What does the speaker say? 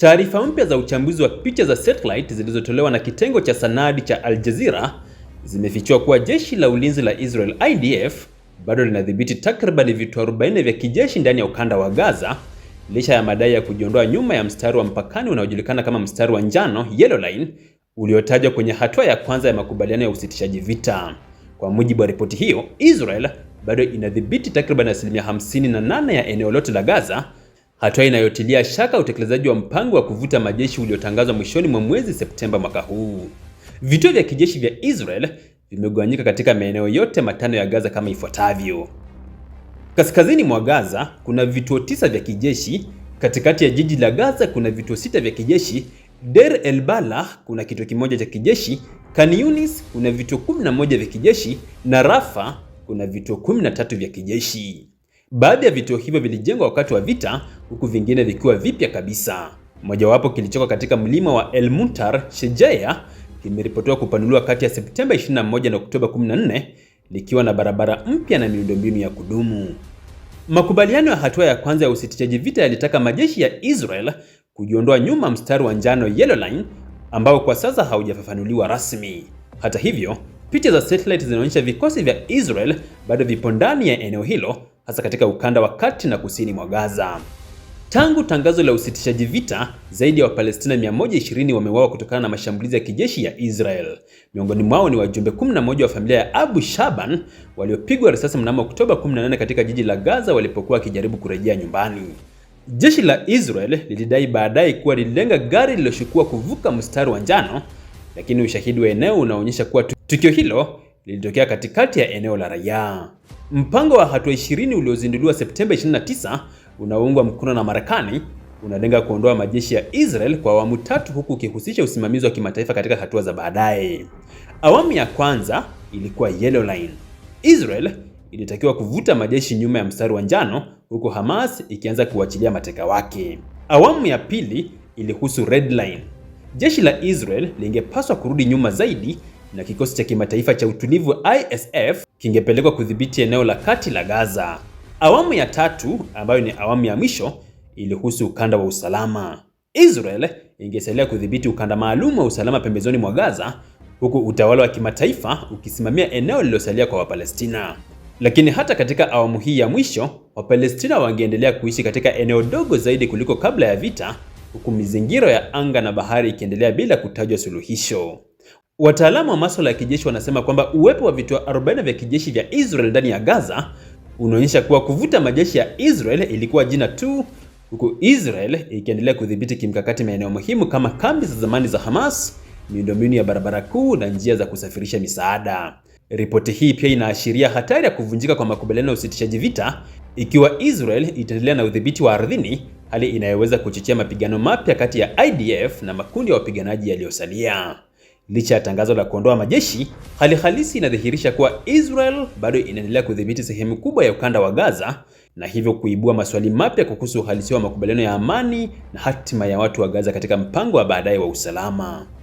Taarifa mpya za uchambuzi wa picha za satellite zilizotolewa na kitengo cha sanadi cha Al Jazeera zimefichua kuwa jeshi la ulinzi la Israel IDF bado linadhibiti takriban vituo 40 vya kijeshi ndani ya ukanda wa Gaza licha ya madai ya kujiondoa nyuma ya mstari wa mpakani unaojulikana kama mstari wa njano yellow line uliotajwa kwenye hatua ya kwanza ya makubaliano ya usitishaji vita. Kwa mujibu wa ripoti hiyo, Israel bado inadhibiti takriban asilimia 58 ya eneo lote la Gaza hatua inayotilia shaka utekelezaji wa mpango wa kuvuta majeshi uliotangazwa mwishoni mwa mwezi Septemba mwaka huu. Vituo vya kijeshi vya Israel vimegawanyika katika maeneo yote matano ya Gaza kama ifuatavyo. Kaskazini mwa Gaza kuna vituo tisa vya kijeshi, katikati ya jiji la Gaza kuna vituo sita vya kijeshi, Der El Balah kuna kituo kimoja cha kijeshi, Khan Yunis kuna vituo 11 vya kijeshi na Rafa kuna vituo 13 vya kijeshi. Baadhi ya vituo hivyo vilijengwa wakati wa vita, huku vingine vikiwa vipya kabisa. Mojawapo kilichoko katika mlima wa El Muntar Shejaya kimeripotiwa kupanuliwa kati ya Septemba 21 na Oktoba 14 likiwa na barabara mpya na miundombinu ya kudumu. Makubaliano ya hatua ya kwanza ya usitishaji vita yalitaka majeshi ya Israel kujiondoa nyuma mstari wa njano yellow line, ambao kwa sasa haujafafanuliwa rasmi. Hata hivyo, picha za satellite zinaonyesha vikosi vya Israel bado vipo ndani ya eneo hilo hasa katika ukanda wa kati na kusini mwa Gaza. Tangu tangazo la usitishaji vita, zaidi ya Wapalestina 120 wameuawa kutokana na mashambulizi ya kijeshi ya Israel. Miongoni mwao ni wajumbe 11 wa familia ya Abu Shaban waliopigwa risasi mnamo Oktoba 18 katika jiji la Gaza walipokuwa wakijaribu kurejea nyumbani. Jeshi la Israel lilidai baadaye kuwa lililenga gari lililoshukua kuvuka mstari wa njano, lakini ushahidi wa eneo unaonyesha kuwa tukio hilo lilitokea katikati ya eneo la raia. Mpango wa hatua 20 uliozinduliwa Septemba 29 unaoungwa mkono na Marekani unalenga kuondoa majeshi ya Israel kwa awamu tatu huku ukihusisha usimamizi wa kimataifa katika hatua za baadaye. Awamu ya kwanza ilikuwa Yellow Line. Israel ilitakiwa kuvuta majeshi nyuma ya mstari wa njano huku Hamas ikianza kuachilia mateka wake. Awamu ya pili ilihusu Red Line. Jeshi la Israel lingepaswa kurudi nyuma zaidi na kikosi cha kimataifa cha utulivu ISF kingepelekwa kudhibiti eneo la kati la Gaza. Awamu ya tatu ambayo ni awamu ya mwisho ilihusu ukanda wa usalama. Israel ingesalia kudhibiti ukanda maalum wa usalama pembezoni mwa Gaza, huku utawala wa kimataifa ukisimamia eneo lililosalia kwa Wapalestina. Lakini hata katika awamu hii ya mwisho, Wapalestina wangeendelea kuishi katika eneo dogo zaidi kuliko kabla ya vita, huku mizingiro ya anga na bahari ikiendelea bila kutajwa suluhisho. Wataalamu wa masuala ya kijeshi wanasema kwamba uwepo wa vituo 40 vya kijeshi vya Israel ndani ya Gaza unaonyesha kuwa kuvuta majeshi ya Israel ilikuwa jina tu, huku Israel ikiendelea kudhibiti kimkakati maeneo muhimu kama kambi za zamani za Hamas, miundombinu ya barabara kuu na njia za kusafirisha misaada. Ripoti hii pia inaashiria hatari ya kuvunjika kwa makubaliano ya usitishaji vita ikiwa Israel itaendelea na udhibiti wa ardhini, hali inayoweza kuchochea mapigano mapya kati ya IDF na makundi ya wapiganaji yaliyosalia. Licha ya tangazo la kuondoa majeshi, hali halisi inadhihirisha kuwa Israel bado inaendelea kudhibiti sehemu kubwa ya ukanda wa Gaza na hivyo kuibua maswali mapya kuhusu uhalisia wa makubaliano ya amani na hatima ya watu wa Gaza katika mpango wa baadaye wa usalama.